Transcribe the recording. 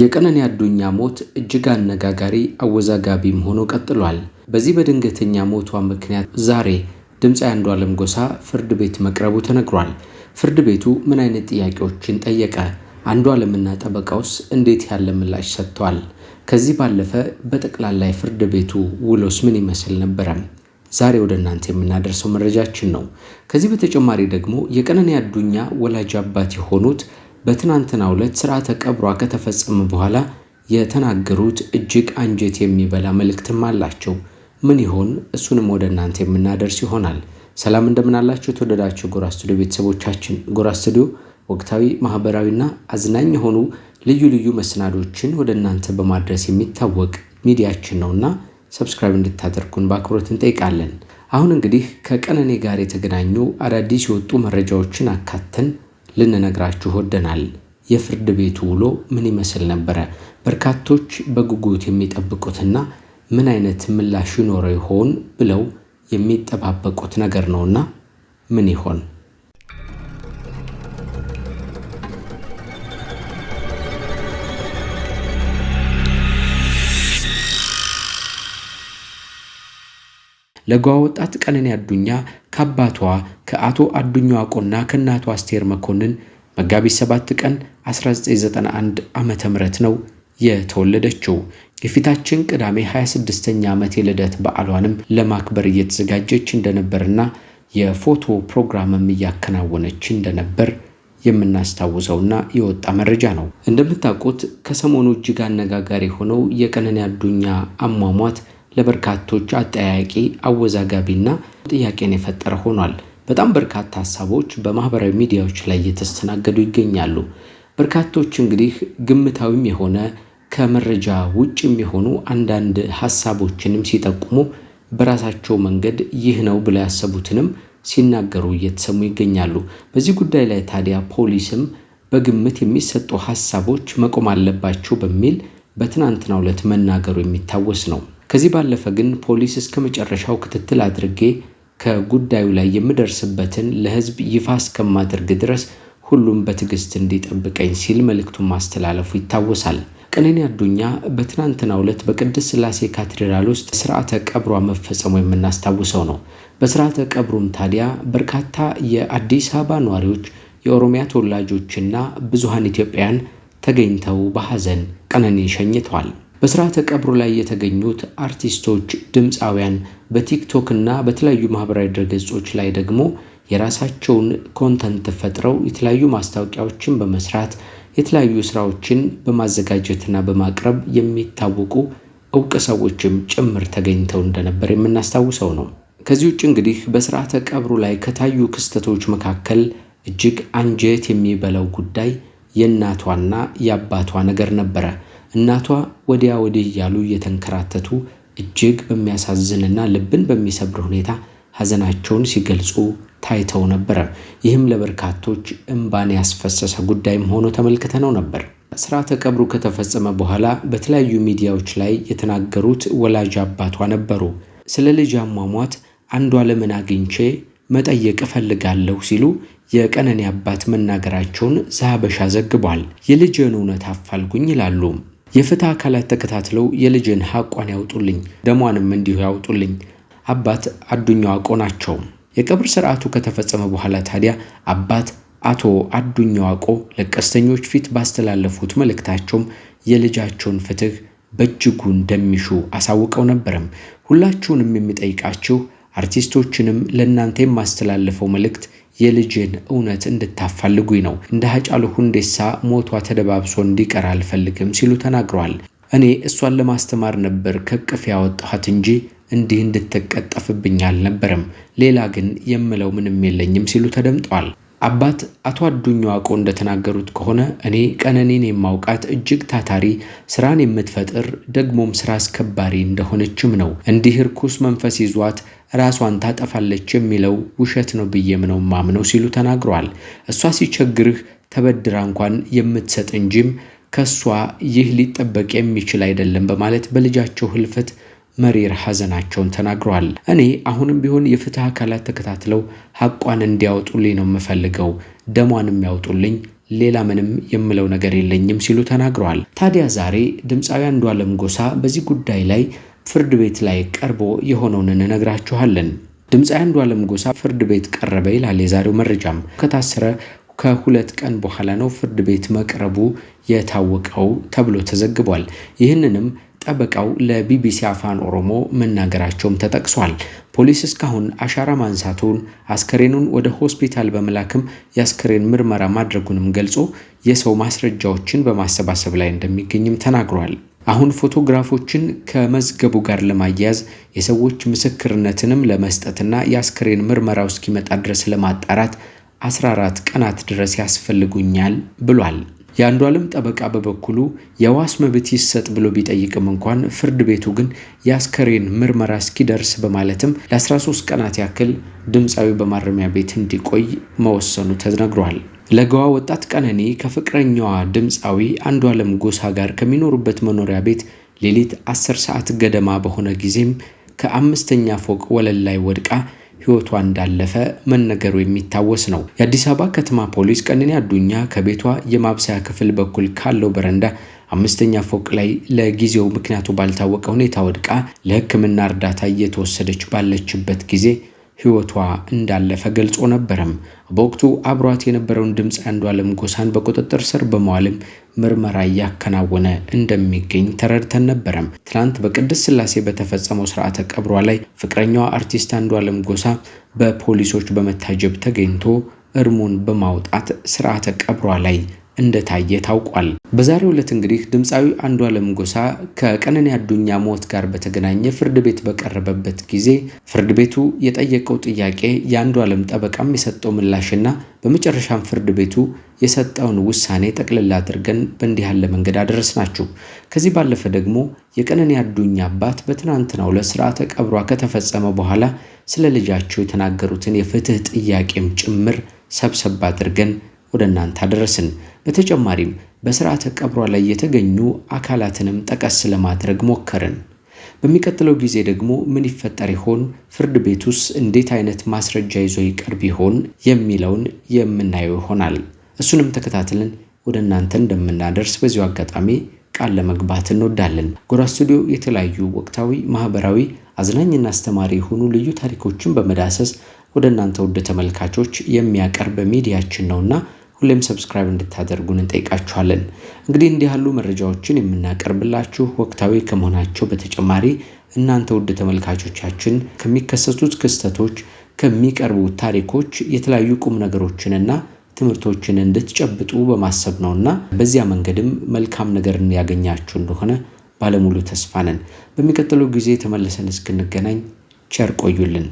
የቀነኒ አዱኛ ሞት እጅግ አነጋጋሪ አወዛጋቢም ሆኖ ቀጥሏል። በዚህ በድንገተኛ ሞቷ ምክንያት ዛሬ ድምፃዊ አንዷለም ጎሳ ፍርድ ቤት መቅረቡ ተነግሯል። ፍርድ ቤቱ ምን አይነት ጥያቄዎችን ጠየቀ? አንዷለምና ጠበቃውስ እንዴት ያለ ምላሽ ሰጥተዋል? ከዚህ ባለፈ በጠቅላላ ፍርድ ቤቱ ውሎስ ምን ይመስል ነበረ? ዛሬ ወደ እናንተ የምናደርሰው መረጃችን ነው። ከዚህ በተጨማሪ ደግሞ የቀነኒ አዱኛ ወላጅ አባት የሆኑት በትናንትናው ዕለት ስርዓተ ቀብሯ ከተፈጸመ በኋላ የተናገሩት እጅግ አንጀት የሚበላ መልእክትም አላቸው። ምን ይሆን? እሱንም ወደ እናንተ የምናደርስ ይሆናል። ሰላም እንደምናላችሁ የተወደዳችሁ ጎራ ስቱዲዮ ቤተሰቦቻችን። ጎራ ስቱዲዮ ወቅታዊ፣ ማህበራዊና አዝናኝ የሆኑ ልዩ ልዩ መሰናዶችን ወደ እናንተ በማድረስ የሚታወቅ ሚዲያችን ነውና ሰብስክራይብ እንድታደርጉን በአክብሮት እንጠይቃለን። አሁን እንግዲህ ከቀነኔ ጋር የተገናኙ አዳዲስ የወጡ መረጃዎችን አካተን ልንነግራችሁ ወደናል። የፍርድ ቤቱ ውሎ ምን ይመስል ነበረ? በርካቶች በጉጉት የሚጠብቁትና ምን አይነት ምላሽ ይኖረው ይሆን ብለው የሚጠባበቁት ነገር ነውና ምን ይሆን? ለጓወጣት ወጣት ቀነኒ አዱኛ ከአባቷ ከአቶ አዱኛ አቆና ከእናቷ አስቴር መኮንን መጋቢት 7 ቀን 1991 ዓመተ ምህረት ነው የተወለደችው። የፊታችን ቅዳሜ 26ኛ ዓመት የልደት በዓሏንም ለማክበር እየተዘጋጀች እንደነበርና የፎቶ ፕሮግራምም እያከናወነች እንደነበር የምናስታውሰውና የወጣ መረጃ ነው። እንደምታውቁት ከሰሞኑ እጅግ አነጋጋሪ የሆነው የቀነኒ አዱኛ አሟሟት ለበርካቶች አጠያቂ አወዛጋቢና ጥያቄን የፈጠረ ሆኗል። በጣም በርካታ ሀሳቦች በማህበራዊ ሚዲያዎች ላይ እየተስተናገዱ ይገኛሉ። በርካቶች እንግዲህ ግምታዊም የሆነ ከመረጃ ውጭ የሚሆኑ አንዳንድ ሀሳቦችንም ሲጠቁሙ በራሳቸው መንገድ ይህ ነው ብለው ያሰቡትንም ሲናገሩ እየተሰሙ ይገኛሉ። በዚህ ጉዳይ ላይ ታዲያ ፖሊስም በግምት የሚሰጡ ሀሳቦች መቆም አለባቸው በሚል በትናንትናው ዕለት መናገሩ የሚታወስ ነው። ከዚህ ባለፈ ግን ፖሊስ እስከ መጨረሻው ክትትል አድርጌ ከጉዳዩ ላይ የምደርስበትን ለህዝብ ይፋ እስከማድርግ ድረስ ሁሉም በትዕግስት እንዲጠብቀኝ ሲል መልእክቱን ማስተላለፉ ይታወሳል። ቀነኒ አዱኛ በትናንትናው ዕለት በቅድስት ስላሴ ካቴድራል ውስጥ ስርዓተ ቀብሯ መፈጸሙ የምናስታውሰው ነው። በስርዓተ ቀብሩም ታዲያ በርካታ የአዲስ አበባ ነዋሪዎች፣ የኦሮሚያ ተወላጆችና ብዙሃን ኢትዮጵያውያን ተገኝተው በሐዘን ቀነኒን ሸኝተዋል። በስርዓተ ቀብሩ ላይ የተገኙት አርቲስቶች፣ ድምፃውያን በቲክቶክ እና በተለያዩ ማህበራዊ ድረገጾች ላይ ደግሞ የራሳቸውን ኮንተንት ፈጥረው የተለያዩ ማስታወቂያዎችን በመስራት የተለያዩ ስራዎችን በማዘጋጀትና በማቅረብ የሚታወቁ እውቅ ሰዎችም ጭምር ተገኝተው እንደነበር የምናስታውሰው ነው። ከዚህ ውጭ እንግዲህ በስርዓተ ቀብሩ ላይ ከታዩ ክስተቶች መካከል እጅግ አንጀት የሚበላው ጉዳይ የእናቷና የአባቷ ነገር ነበረ። እናቷ ወዲያ ወዲህ እያሉ እየተንከራተቱ እጅግ በሚያሳዝንና ልብን በሚሰብር ሁኔታ ሐዘናቸውን ሲገልጹ ታይተው ነበረ። ይህም ለበርካቶች እምባን ያስፈሰሰ ጉዳይም ሆኖ ተመልክተነው ነበር። ስርዓተ ቀብሩ ከተፈጸመ በኋላ በተለያዩ ሚዲያዎች ላይ የተናገሩት ወላጅ አባቷ ነበሩ። ስለ ልጅ አሟሟት አንዷለምን አግኝቼ መጠየቅ እፈልጋለሁ ሲሉ የቀነኔ አባት መናገራቸውን ዘሀበሻ ዘግቧል። የልጅን እውነት አፋልጉኝ ይላሉ። የፍትህ አካላት ተከታትለው የልጅን ሐቋን ያውጡልኝ፣ ደሟንም እንዲሁ ያውጡልኝ። አባት አዱኛ ዋቆ ናቸው። የቀብር ስርዓቱ ከተፈጸመ በኋላ ታዲያ አባት አቶ አዱኛ ዋቆ ለቀስተኞች ፊት ባስተላለፉት መልእክታቸውም የልጃቸውን ፍትህ በእጅጉ እንደሚሹ አሳውቀው ነበረም። ሁላችሁንም የሚጠይቃችሁ አርቲስቶችንም ለእናንተ የማስተላለፈው መልእክት የልጄን እውነት እንድታፋልጉኝ ነው። እንደ ሀጫሉ ሁንዴሳ ሞቷ ተደባብሶ እንዲቀር አልፈልግም ሲሉ ተናግረዋል። እኔ እሷን ለማስተማር ነበር ከቅፍ ያወጣኋት እንጂ እንዲህ እንድትቀጠፍብኝ አልነበረም። ሌላ ግን የምለው ምንም የለኝም ሲሉ ተደምጠዋል። አባት አቶ አዱኛ አቆ እንደተናገሩት ከሆነ እኔ ቀነኔን የማውቃት እጅግ ታታሪ፣ ስራን የምትፈጥር ደግሞም ስራ አስከባሪ እንደሆነችም ነው። እንዲህ እርኩስ መንፈስ ይዟት ራሷን ታጠፋለች የሚለው ውሸት ነው ብዬም ነው ማምነው ሲሉ ተናግረዋል። እሷ ሲቸግርህ ተበድራ እንኳን የምትሰጥ እንጂም ከእሷ ይህ ሊጠበቅ የሚችል አይደለም በማለት በልጃቸው ህልፈት መሪር ሐዘናቸውን ተናግረዋል። እኔ አሁንም ቢሆን የፍትህ አካላት ተከታትለው ሐቋን እንዲያወጡልኝ ነው የምፈልገው፣ ደሟን የሚያወጡልኝ ሌላ ምንም የምለው ነገር የለኝም ሲሉ ተናግረዋል። ታዲያ ዛሬ ድምፃዊ አንዱዓለም ጎሳ በዚህ ጉዳይ ላይ ፍርድ ቤት ላይ ቀርቦ የሆነውን እንነግራችኋለን። ድምፃዊ አንዱዓለም ጎሳ ፍርድ ቤት ቀረበ ይላል የዛሬው መረጃም። ከታሰረ ከሁለት ቀን በኋላ ነው ፍርድ ቤት መቅረቡ የታወቀው ተብሎ ተዘግቧል። ይህንንም ጠበቃው ለቢቢሲ አፋን ኦሮሞ መናገራቸውም ተጠቅሷል። ፖሊስ እስካሁን አሻራ ማንሳቱን አስከሬኑን ወደ ሆስፒታል በመላክም የአስከሬን ምርመራ ማድረጉንም ገልጾ የሰው ማስረጃዎችን በማሰባሰብ ላይ እንደሚገኝም ተናግሯል። አሁን ፎቶግራፎችን ከመዝገቡ ጋር ለማያያዝ የሰዎች ምስክርነትንም ለመስጠትና የአስክሬን ምርመራው እስኪመጣ ድረስ ለማጣራት 14 ቀናት ድረስ ያስፈልጉኛል ብሏል። ዓለም ጠበቃ በበኩሉ የዋስ መብት ይሰጥ ብሎ ቢጠይቅም እንኳን ፍርድ ቤቱ ግን የአስከሬን ምርመራ እስኪደርስ በማለትም ለ13 ቀናት ያክል ድምፃዊ በማረሚያ ቤት እንዲቆይ መወሰኑ ተነግሯል። ለገዋ ወጣት ቀነኔ ከፍቅረኛዋ ድምፃዊ አንዷለም ጎሳ ጋር ከሚኖሩበት መኖሪያ ቤት ሌሊት 10 ሰዓት ገደማ በሆነ ጊዜም ከአምስተኛ ፎቅ ወለል ላይ ወድቃ ህይወቷ እንዳለፈ መነገሩ የሚታወስ ነው። የአዲስ አበባ ከተማ ፖሊስ ቀነኒ አዱኛ ከቤቷ የማብሰያ ክፍል በኩል ካለው በረንዳ አምስተኛ ፎቅ ላይ ለጊዜው ምክንያቱ ባልታወቀ ሁኔታ ወድቃ ለሕክምና እርዳታ እየተወሰደች ባለችበት ጊዜ ህይወቷ እንዳለፈ ገልጾ ነበረም። በወቅቱ አብሯት የነበረውን ድምፃዊ አንዷለም ጎሳን በቁጥጥር ስር በመዋልም ምርመራ እያከናወነ እንደሚገኝ ተረድተን ነበረም። ትናንት በቅድስት ስላሴ በተፈጸመው ስርዓተ ቀብሯ ላይ ፍቅረኛዋ አርቲስት አንዷለም ጎሳ በፖሊሶች በመታጀብ ተገኝቶ እርሙን በማውጣት ስርዓተ ቀብሯ ላይ እንደታየ ታውቋል። በዛሬው ዕለት እንግዲህ ድምፃዊ አንዷለም ጎሳ ከቀነኒ አዱኛ ሞት ጋር በተገናኘ ፍርድ ቤት በቀረበበት ጊዜ ፍርድ ቤቱ የጠየቀው ጥያቄ የአንዷለም ጠበቃም የሰጠው ምላሽና በመጨረሻም ፍርድ ቤቱ የሰጠውን ውሳኔ ጠቅልላ አድርገን በእንዲህ ያለ መንገድ ናችሁ። ከዚህ ባለፈ ደግሞ የቀነኒ አዱኛ አባት በትናንትናው ለስርዓተ ስርዓተ ቀብሯ ከተፈጸመ በኋላ ስለ ልጃቸው የተናገሩትን የፍትህ ጥያቄም ጭምር ሰብሰብ አድርገን ወደ እናንተ አደረስን። በተጨማሪም በስርዓተ ቀብሯ ላይ የተገኙ አካላትንም ጠቀስ ለማድረግ ሞከርን። በሚቀጥለው ጊዜ ደግሞ ምን ይፈጠር ይሆን? ፍርድ ቤቱስ እንዴት አይነት ማስረጃ ይዞ ይቀርብ ይሆን የሚለውን የምናየው ይሆናል። እሱንም ተከታትለን ወደ እናንተ እንደምናደርስ በዚሁ አጋጣሚ ቃል ለመግባት እንወዳለን። ጎራ ስቱዲዮ የተለያዩ ወቅታዊ፣ ማህበራዊ፣ አዝናኝና አስተማሪ የሆኑ ልዩ ታሪኮችን በመዳሰስ ወደ እናንተ ውድ ተመልካቾች የሚያቀርብ ሚዲያችን ነውና ሁሌም ሰብስክራይብ እንድታደርጉን እንጠይቃችኋለን። እንግዲህ እንዲህ ያሉ መረጃዎችን የምናቀርብላችሁ ወቅታዊ ከመሆናቸው በተጨማሪ እናንተ ውድ ተመልካቾቻችን ከሚከሰቱት ክስተቶች፣ ከሚቀርቡት ታሪኮች የተለያዩ ቁም ነገሮችንና ትምህርቶችን እንድትጨብጡ በማሰብ እና በዚያ መንገድም መልካም ነገርን ያገኛችሁ እንደሆነ ባለሙሉ ተስፋ ነን። በሚቀጥለው ጊዜ ተመልሰን እስክንገናኝ ቸር ቆዩልን።